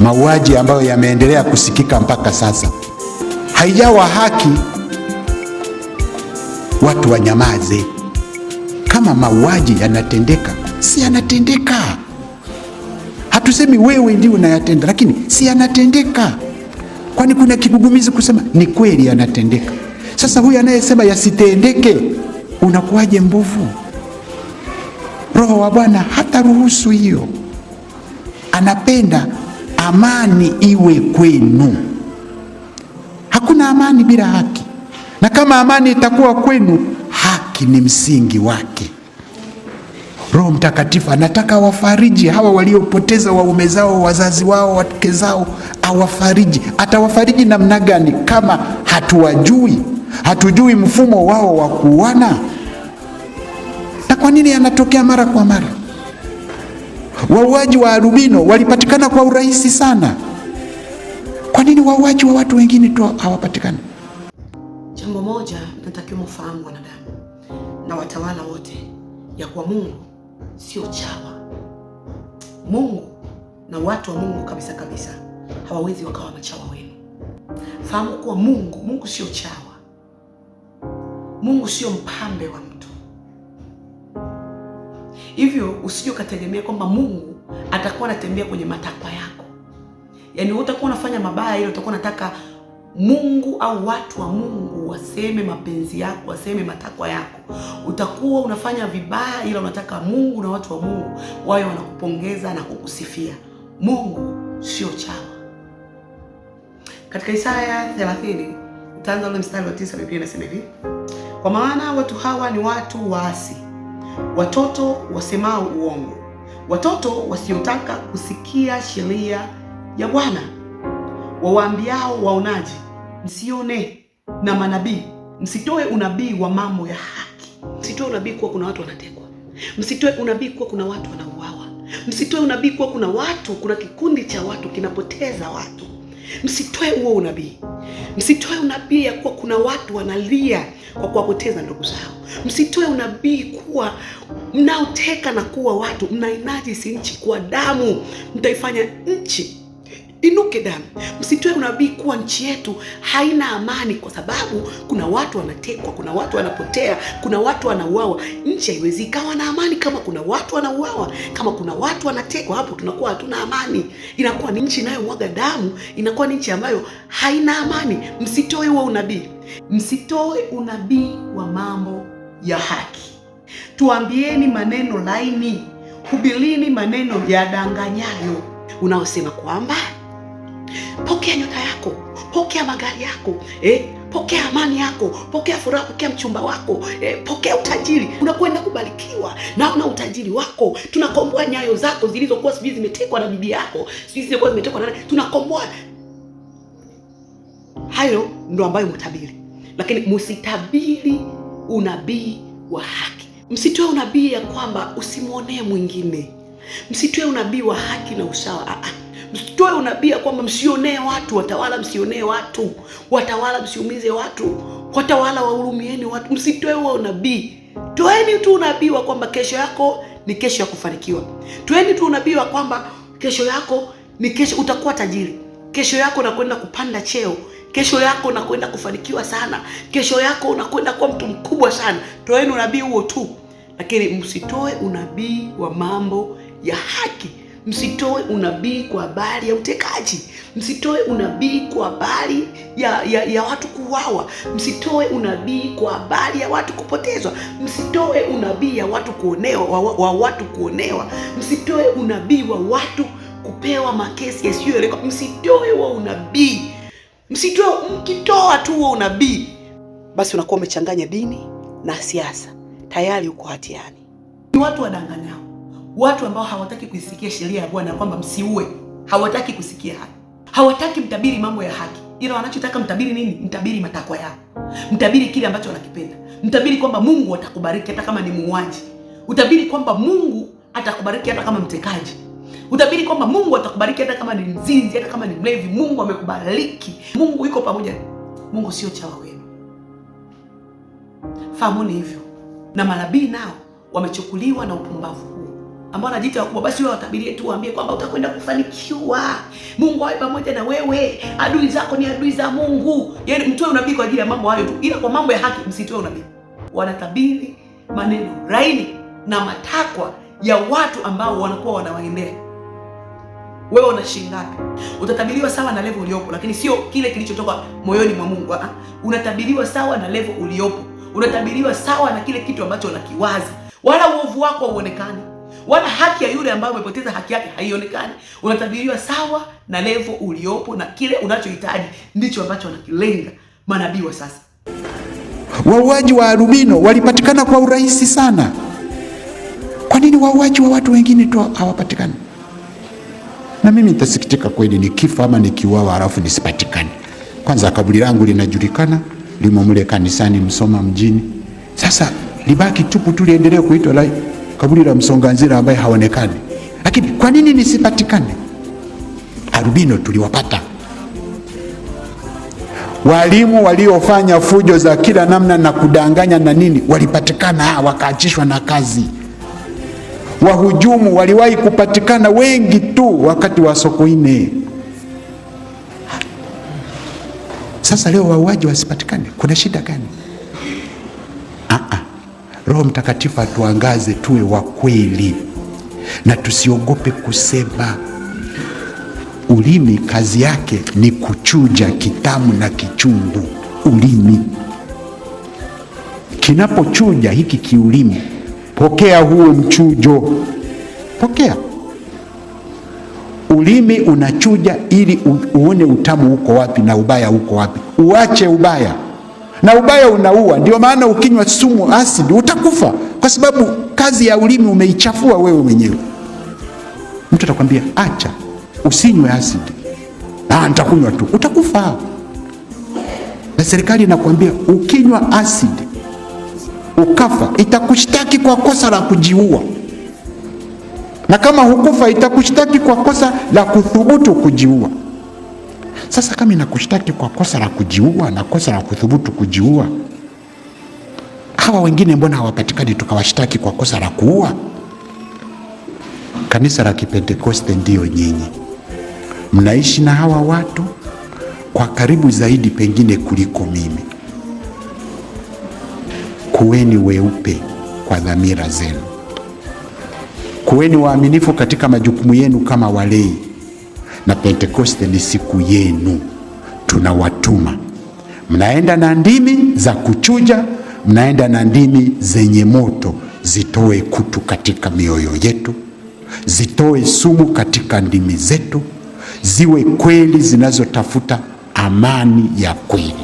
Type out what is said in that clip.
mauaji ambayo yameendelea kusikika mpaka sasa. Haijawa haki watu wanyamaze. Kama mauaji yanatendeka, si yanatendeka. Hatusemi wewe ndio unayatenda, lakini si yanatendeka. Kwani kuna kigugumizi kusema ni kweli yanatendeka? Sasa huyu anayesema yasitendeke, unakuwaje mbovu? Roho wa Bwana hata ruhusu hiyo, anapenda amani iwe kwenu. Hakuna amani bila haki, na kama amani itakuwa kwenu, haki ni msingi wake. Roho Mtakatifu anataka wafariji hawa waliopoteza waume zao, wazazi wao, wake zao, awafariji. Atawafariji namna gani kama hatuwajui? Hatujui mfumo wao wa kuuana, na kwa nini yanatokea mara kwa mara? Wauaji wa albino walipatikana kwa urahisi sana. Kwa nini wauaji wa watu wengine tu hawapatikani? Jambo moja natakiwa mfahamu, wanadamu na watawala wote, ya kuwa Mungu sio chawa. Mungu na watu wa Mungu kabisa kabisa hawawezi wakawa machawa wenu. Fahamu kuwa Mungu, Mungu sio chawa. Mungu sio mpambe wa mtu. Hivyo usije ukategemea kwamba Mungu atakuwa anatembea kwenye matakwa yako, yaani utakuwa unafanya mabaya, ili utakuwa unataka Mungu au watu wa Mungu waseme mapenzi yako, waseme matakwa yako. Utakuwa unafanya vibaya, ila unataka Mungu na watu wa Mungu wawe wanakupongeza na kukusifia. Mungu sio chawa. Katika Isaya 30 utaanza ule mstari wa 9, Biblia inasema hivi: kwa maana watu hawa ni watu waasi watoto wasemao uongo, watoto wasiotaka kusikia sheria ya Bwana, wawaambiao waonaji msione, na manabii msitoe unabii wa mambo ya haki. Msitoe unabii kuwa kuna watu wanatekwa, msitoe unabii kuwa kuna watu wanauawa, msitoe unabii kuwa kuna watu, kuna kikundi cha watu kinapoteza watu Msitoe huo unabii, msitoe unabii ya kuwa kuna watu wanalia kwa kuwapoteza ndugu zao. Msitoe unabii kuwa mnaoteka na kuwa watu mnainaji si nchi kwa damu, mtaifanya nchi Inuke damu, msitoe unabii kuwa nchi yetu haina amani, kwa sababu kuna watu wanatekwa, kuna watu wanapotea, kuna watu wanauawa. Nchi haiwezi ikawa na amani kama kuna watu wanauawa, kama kuna watu wanatekwa. Hapo tunakuwa hatuna amani, inakuwa ni nchi inayomwaga damu, inakuwa ni nchi ambayo haina amani. Msitoe huo unabii, msitoe unabii wa mambo ya haki. Tuambieni maneno laini, hubilini maneno yadanganyayo, unaosema kwamba Pokea nyota yako, pokea magari yako eh, pokea amani yako, pokea furaha, pokea mchumba wako eh, pokea utajiri. Unakwenda kubarikiwa, naona utajiri wako. Tunakomboa nyayo zako zilizokuwa sijui zimetekwa na bibi yako, sijui zilizokuwa zimetekwa na nani, tunakomboa hayo. Ndo ambayo mtabiri, lakini msitabiri unabii wa haki. Msitoe unabii ya kwamba usimwonee mwingine, msitoe unabii wa haki na usawa. Ah, ah toe unabii kwamba msionee watu watawala, msionee watu watawala, msiumize watu watawala, wahurumieni watu. Msitoe huo unabii, toeni tu unabii wa kwamba kesho yako ni kesho ya kufanikiwa. Toeni tu unabii wa kwamba kesho yako ni kesho utakuwa tajiri, kesho yako unakwenda kupanda cheo kesho yako unakwenda kufanikiwa sana, kesho yako unakwenda kuwa mtu mkubwa sana. Toeni unabii huo tu, lakini msitoe unabii wa mambo ya haki msitoe unabii kwa habari ya utekaji, msitoe unabii kwa habari ya, ya, ya watu kuuawa, msitoe unabii kwa habari ya watu kupotezwa, msitoe unabii ya watu kuonewa, wa, wa watu kuonewa, msitoe unabii wa watu kupewa makesi yasiyoeleweka, msitoe wa unabii, msitoe. Mkitoa tu wa unabii, basi unakuwa umechanganya dini na siasa, tayari uko hatiani. Ni watu wadanganyao. Watu ambao hawataki kuisikia sheria ya Bwana kwamba msiue, hawataki kusikia haki, hawataki mtabiri mambo ya haki, ila wanachotaka mtabiri nini? Mtabiri matakwa yao, mtabiri kile ambacho wanakipenda, mtabiri kwamba Mungu atakubariki hata kama ni muuaji, utabiri kwamba Mungu atakubariki hata kama mtekaji utabiri kwamba Mungu atakubariki hata kama ni mzinzi, hata kama ni mlevi. Mungu amekubariki, Mungu yuko pamoja. Mungu sio chawa wenu, fahamuni hivyo. Na manabii nao wamechukuliwa na upumbavu ambao anajiita wakubwa, basi wewe watabirie tu, waambie kwamba utakwenda kufanikiwa. Mungu awe pamoja na wewe. Adui zako ni adui za Mungu. Yaani mtoe unabii kwa ajili ya mambo hayo tu, ila kwa mambo ya haki msitoe unabii. Wanatabiri maneno laini na matakwa ya watu ambao wanakuwa wanawaendea wewe una shilingi ngapi? Utatabiriwa sawa na level uliopo, lakini sio kile kilichotoka moyoni mwa Mungu. Ah, Unatabiriwa sawa na level uliopo, unatabiriwa sawa na kile kitu ambacho unakiwaza, wala uovu wako hauonekani wala haki ya yule ambaye umepoteza haki yake haionekani. Unatabiriwa sawa na levo uliopo na kile unachohitaji ndicho ambacho wanakilenga manabii wa sasa. Wauaji wa albino walipatikana kwa urahisi sana. Kwa nini wauaji wa watu wengine tu hawapatikani? Na mimi nitasikitika kweli nikifa ama nikiuawa halafu nisipatikane. Kwanza kaburi langu linajulikana, limo mle kanisani Msoma mjini. Sasa libaki tupu tu liendelee kuitwa kaburi la Msonganzira ambaye haonekani. Lakini kwa nini nisipatikane arubino tuliwapata walimu waliofanya fujo za kila namna na kudanganya na nini, walipatikana ah, wakaachishwa na kazi. Wahujumu waliwahi kupatikana wengi tu wakati wa Sokoine. Sasa leo wauaji wasipatikane, kuna shida gani? Roho Mtakatifu atuangaze tuwe wa kweli na tusiogope kusema. Ulimi kazi yake ni kuchuja kitamu na kichungu. Ulimi kinapochuja hiki kiulimi, pokea huo mchujo, pokea. Ulimi unachuja ili uone utamu uko wapi na ubaya uko wapi. Uache ubaya na ubaya unaua. Ndio maana ukinywa sumu asidi utakufa, kwa sababu kazi ya ulimi umeichafua wewe mwenyewe. Mtu atakwambia acha, usinywe asidi. Ah, nitakunywa tu, utakufa. Na serikali inakwambia ukinywa asidi ukafa, itakushtaki kwa kosa la kujiua, na kama hukufa, itakushtaki kwa kosa la kuthubutu kujiua. Sasa kama inakushtaki kwa kosa la kujiua na kosa la kuthubutu kujiua, hawa wengine mbona hawapatikani tukawashtaki kwa kosa la kuua? Kanisa la Kipentekoste ndiyo nyinyi mnaishi na hawa watu kwa karibu zaidi pengine kuliko mimi. Kuweni weupe kwa dhamira zenu, kuweni waaminifu katika majukumu yenu kama walei na Pentekoste ni siku yenu, tunawatuma mnaenda na ndimi za kuchuja, mnaenda na ndimi zenye moto, zitoe kutu katika mioyo yetu, zitoe sumu katika ndimi zetu, ziwe kweli zinazotafuta amani ya kweli.